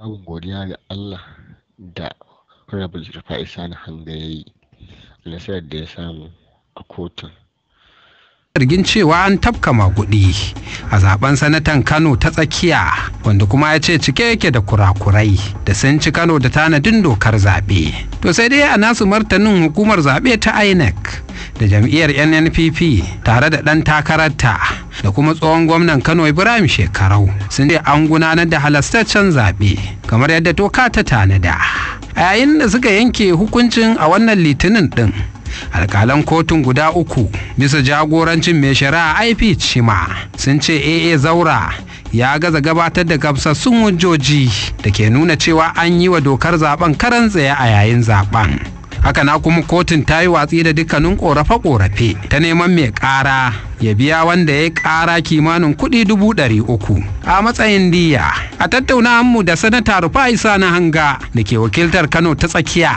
babin godiya ga Allah da Honorable Rufai Sani Hanga ya yi nasarar da ya samu a kotun. zargin cewa an tafka maguɗi a zaben sanatan kano ta tsakiya wanda kuma ya ce cike yake da kurakurai da sun ci kano da tanadin dokar zaɓe to sai dai a nasu martanin hukumar zaɓe ta inec da jam'iyyar nnpp tare da ɗan takararta da kuma tsohon gwamnan kano ibrahim shekarau sun ce an gudanar da halastaccen zaɓe kamar yadda toka ta tanada a yayin da suka yanke hukuncin a wannan litinin ɗin alkalan kotun guda uku bisa jagorancin mai shari'a ip cima sun ce aa zaura ya gaza gabatar da gamsassun hujjoji da ke nuna cewa an yi wa dokar zaben karan tsaye a yayin zaben haka na kuma kotun ta yi watsi da dukkanin korafe-korafe ta neman mai ƙara ya biya wanda ya ƙara kimanin kuɗi dubu ɗari uku a matsayin diya a tattauna mu da sanata rufa isa na hanga da ke wakiltar kano ta tsakiya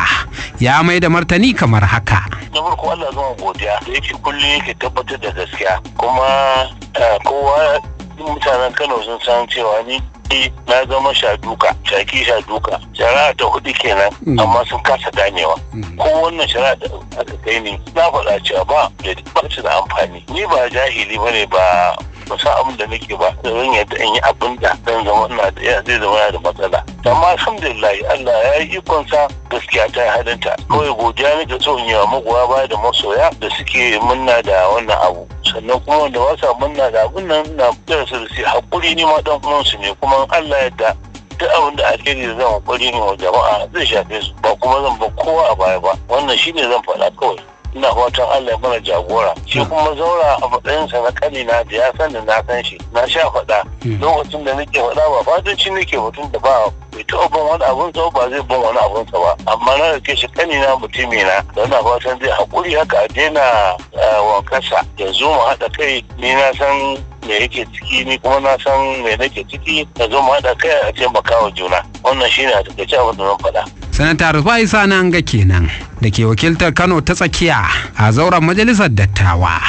ya mai da martani kamar haka na farko allah godiya da yake yake tabbatar da gaskiya kuma eh, kowa mutanen kano sun san cewa ni kuɗi na zama shaduka shaki shaduka shari'a ta hudu kenan mm. amma sun kasa ganewa mm. ko wannan shari'a da aka kai ni na faɗa cewa ba ba da amfani ni ba jahili ba ne ba ba sa abin da nake ba zan yadda in yi abin da zan zama ina da zai zama da matsala amma alhamdulillah Allah ya yi ikonsa gaskiya ta hadanta kawai godiya ne da tsohon yawa magoya baya da masoya da suke munna da wannan abu sannan kuma wanda ba sa munna da abin nan na da su da hakuri ne ma dan su ne kuma Allah ya da duk abin da ake ne zan hakuri ne wa jama'a zai shafe su ba kuma zan ba kowa a baya ba wannan shine zan faɗa kawai ina fatan Allah mana jagora shi hmm. kuma zaura a sa na kanina da ya sani na san shi na sha faɗa hmm. lokacin da nake faɗa ba shi nake mutum da ba bai taɓa ban wani abun sa ba zai ban wani abun sa ba amma na rike shi kanina mutumi na da na fatan zai haƙuri haka a daina wankasa. ya zo mu haɗa kai ni na san me yake ciki ni kuma na san me nake ciki da zo mu haɗa kai a taimaka wa juna wannan shine a takaice abin da zan faɗa. sanata rufai sananga kenan da ke wakiltar kano ta tsakiya a zauren majalisar dattawa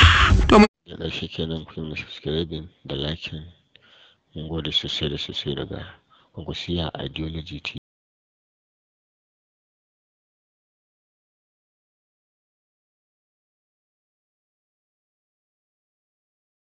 da ƙarshe kenan kuyi mu subscribing da lakin mun gode sosai da sosai daga Ogusiya Ideology